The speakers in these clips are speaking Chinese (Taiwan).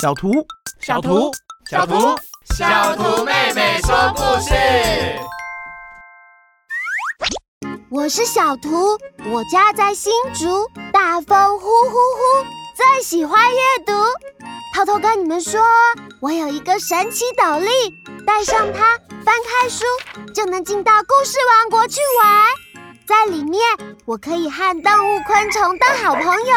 小圖，小圖，小圖，小圖，小圖妹妹說故事。我是小圖，我家在新竹，大風呼呼呼，最喜歡閱讀。偷偷跟你們說，我有一個神奇斗笠，戴上它，翻開書就能進到故事王國去玩。在裡面，我可以和動物、昆蟲當好朋友，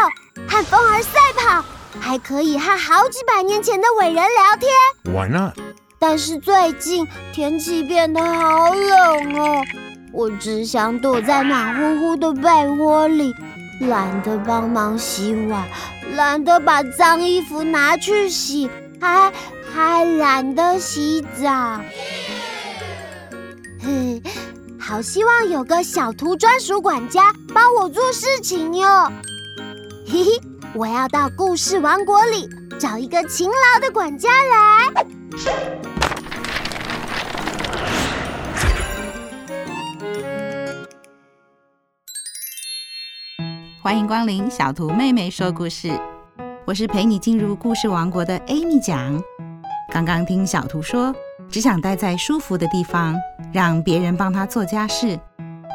和風兒賽跑。還可以和好幾百年前的偉人聊天。Why not？但是最近天氣變得好冷哦，我只想躲在暖乎乎的被窩裡，懶得幫忙洗碗，懶得把髒衣服拿去洗，還還懶得洗澡。嘿、嗯，好希望有個小圖專屬管家幫我做事情喲。嘿嘿。我要到故事王國裡找一個勤勞的管家來。歡迎光臨小圖妹妹說故事，我是陪你進入故事王國的 Amy 講，剛剛聽小圖說，只想待在舒服的地方，讓別人幫他做家事。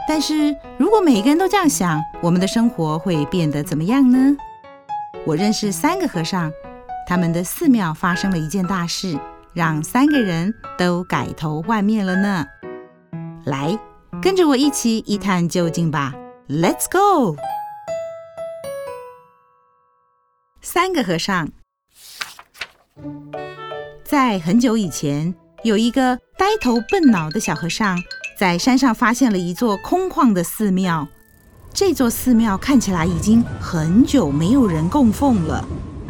但是如果每一個人都這樣想，我們的生活會變得怎麼樣呢？我認識三個和尚，他們的寺廟發生了一件大事，讓三個人都改頭換面了呢。來，跟着我一起一探究竟吧。Let's go。三個和尚。在很久以前，有一個呆頭笨腦的小和尚，在山上發現了一座空曠的寺廟。這座寺廟看起來已經很久沒有人供奉了，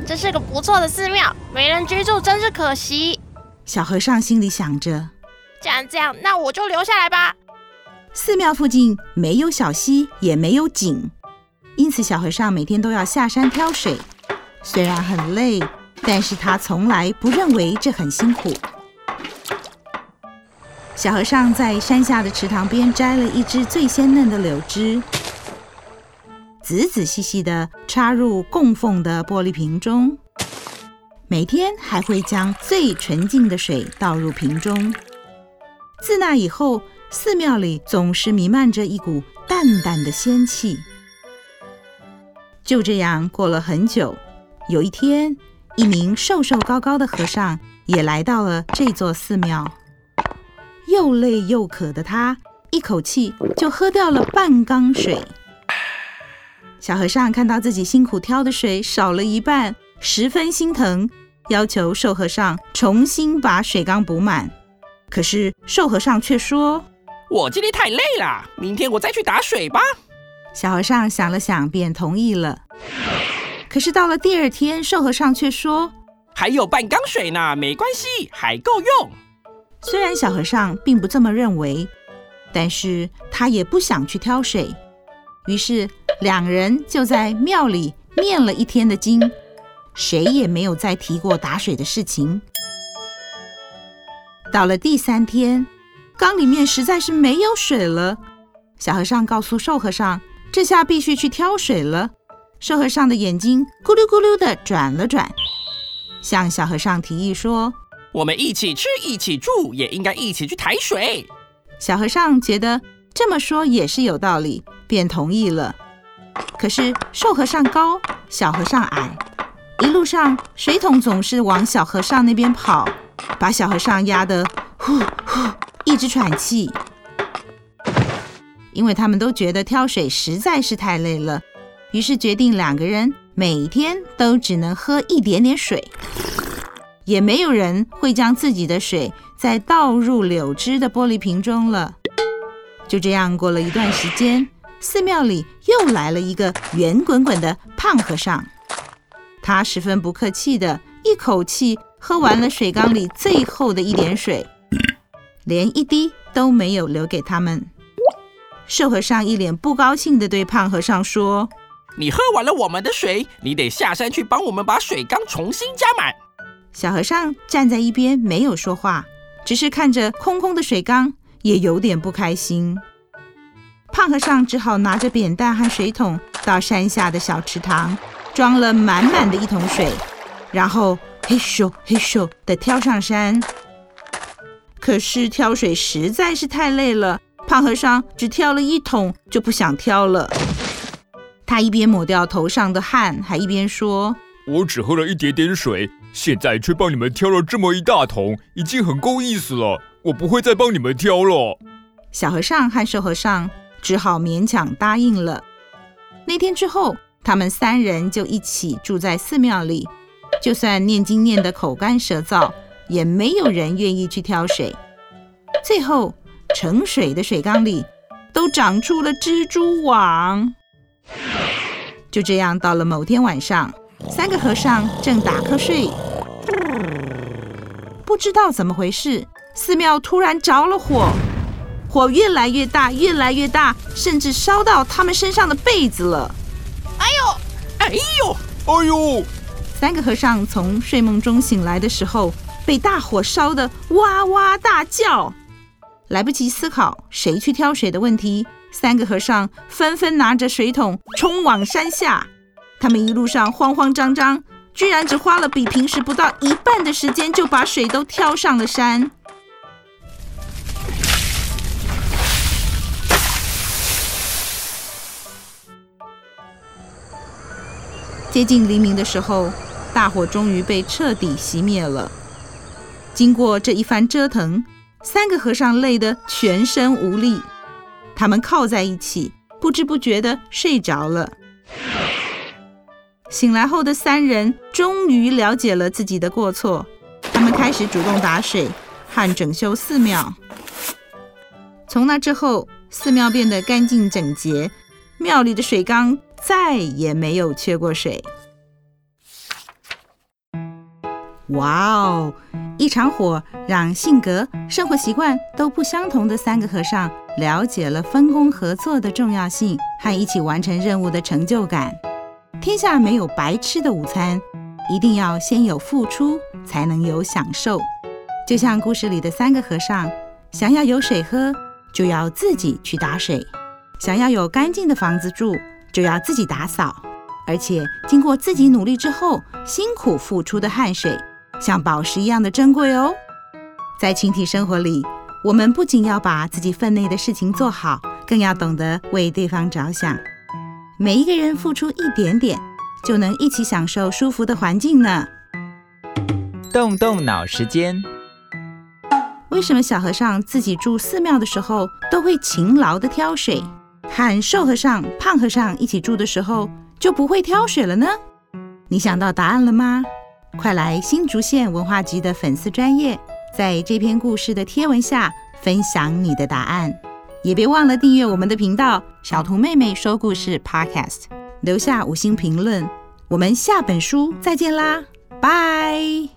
這是個不錯的寺廟，沒人居住真是可惜。小和尚心裡想着，既然這，這樣，那我就留下來吧。寺廟附近沒有小溪，也沒有井，因此小和尚每天都要下山挑水。雖然很累，但是他從來不認為這很辛苦。小和尚在山下的池塘邊摘了一枝最鮮嫩的柳枝。仔仔細細地插入供奉的玻璃瓶中，每天還會將最純淨的水倒入瓶中。自那以後，寺廟裡總是彌漫着一股淡淡的仙氣。就這樣過了很久，有一天，一名瘦瘦高高的和尚也來到了這座寺廟。又累又渴的他，一口氣就喝掉了半缸水。小和尚看到自己辛苦挑的水少了一半，十分心疼，要求瘦和尚重新把水缸補滿。可是瘦和尚卻說：“我今天太累了，明天我再去打水吧。”小和尚想了想，便同意了。可是到了第二天，瘦和尚卻說：“還有半缸水呢，沒關係，還夠用。”雖然小和尚並不這麼認為，但是他也不想去挑水，於是，兩人就在廟裡念了一天的經，誰也沒有再提過打水的事情。到了第三天，缸裡面實在是沒有水了。小和尚告訴瘦和尚：“這下必須去挑水了。”瘦和尚的眼睛咕嚕咕嚕地轉了轉，向小和尚提議說：“我們一起吃，一起住，也應該一起去抬水。”小和尚覺得這麼說也是有道理，便同意了。可是瘦和尚高，小和尚矮，一路上水桶總是往小和尚那邊跑，把小和尚壓得呼呼一直喘氣。因為他們都覺得挑水實在是太累了，於是決定兩個人每天都只能喝一點點水，也沒有人會將自己的水再倒入柳枝的玻璃瓶中了。就這樣過了一段時間。寺廟裡又來了一個圓滾滾的胖和尚，他十分不客氣地，一口氣喝完了水缸裡最後的一點水，連一滴都沒有留給他們。瘦和尚一臉不高興地對胖和尚說：“你喝完了我們的水，你得下山去幫我們把水缸重新加滿。”小和尚站在一邊沒有說話，只是看着空空的水缸，也有點不開心。胖和尚只好拿着扁擔和水桶到山下的小池塘，裝了滿滿的一桶水，然後嘿咻嘿咻地挑上山。可是挑水實在是太累了，胖和尚只挑了一桶就不想挑了。他一邊抹掉頭上的汗，還一邊說：“我只喝了一點點水，現在卻幫你們挑了這麼一大桶，已經很夠意思了。我不會再幫你們挑了。”小和尚和瘦和尚，只好勉強答應了。那天之後，他們三人就一起住在寺廟裡。就算念經念得口乾舌燥，也沒有人願意去挑水。最後，盛水的水缸裡都長出了蜘蛛網。就這樣，到了某天晚上，三個和尚正打瞌睡，不知道怎麼回事，寺廟突然着了火。火越來越大，越來越大，甚至燒到他們身上的被子了。哎呦，哎呦，哎呦！三個和尚從睡夢中醒來的時候，被大火燒得哇哇大叫，來不及思考誰去挑水的問題，三個和尚紛紛拿着水桶衝往山下。他們一路上慌慌張張，居然只花了比平時不到一半的時間就把水都挑上了山。接近黎明的時候，大火終於被徹底熄滅了。經過這一番折騰，三個和尚累得全身無力，他們靠在一起，不知不覺地睡着了。醒來後的三人終於了解了自己的過錯，他們開始主動打水和整修寺廟。從那之後，寺廟變得乾淨整潔，廟裡的水缸，再也沒有缺過水。哇哦！一場火讓性格、生活習慣都不相同的三個和尚了解了分工合作的重要性和一起完成任務的成就感。天下沒有白吃的午餐，一定要先有付出才能有享受。就像故事裡的三個和尚，想要有水喝，就要自己去打水；想要有乾淨的房子住。就要自己打掃，而且經過自己努力之後，辛苦付出的汗水像寶石一樣的珍貴哦。在群體生活裡，我們不僅要把自己分內的事情做好，更要懂得為對方着想。每一個人付出一點點，就能一起享受舒服的環境呢。動動腦時間，為什麼小和尚自己住寺廟的時候都會勤勞的挑水？和瘦和尚、胖和尚一起住的時候，就不會挑水了呢？你想到答案了嗎？快來新竹縣文化局的粉絲專頁，在這篇故事的貼文下分享你的答案，也別忘了訂閱我們的頻道“小圖妹妹說故事 ”Podcast，留下五星評論。我們下本書再見啦，拜！